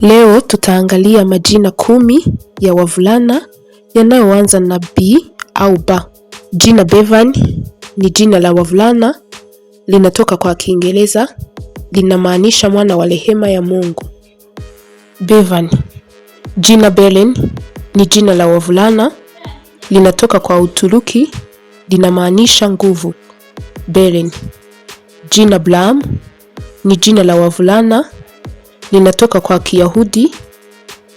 Leo tutaangalia majina kumi ya wavulana yanayoanza na B au Ba. Jina Bevan ni jina la wavulana, linatoka kwa Kiingereza, linamaanisha mwana wa rehema ya Mungu. Bevan. Jina Belen ni jina la wavulana, linatoka kwa Uturuki, linamaanisha nguvu. Belen. Jina Blam ni jina la wavulana linatoka kwa Kiyahudi,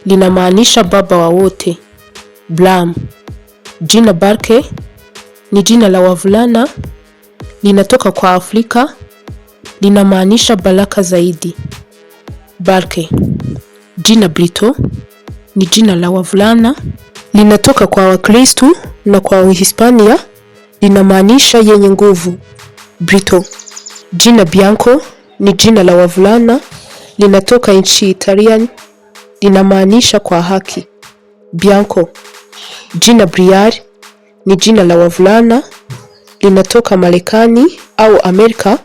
linamaanisha baba wa wote. Blam, jina Barke ni jina la wavulana, linatoka kwa Afrika, linamaanisha baraka zaidi. Barke, jina Brito ni jina la wavulana, linatoka kwa Wakristu na kwa Uhispania, linamaanisha yenye nguvu. Brito, jina Bianco ni jina la wavulana linatoka nchi Italian, linamaanisha kwa haki. Bianco, jina Briar ni jina la wavulana, linatoka Marekani au Amerika,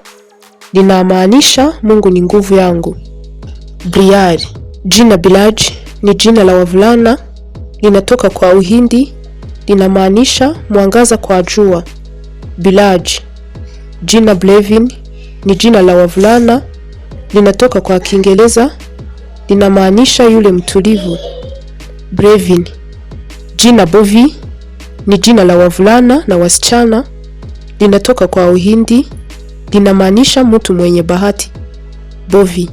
linamaanisha Mungu ni nguvu yangu. Briar, jina Bilaj ni jina la wavulana, linatoka kwa Uhindi, linamaanisha mwangaza kwa jua. Bilaj, jina Blevin ni jina la wavulana linatoka kwa Kiingereza linamaanisha yule mtulivu. Brevin, jina Bovi ni jina la wavulana na wasichana, linatoka kwa Uhindi linamaanisha mtu mwenye bahati. Bovi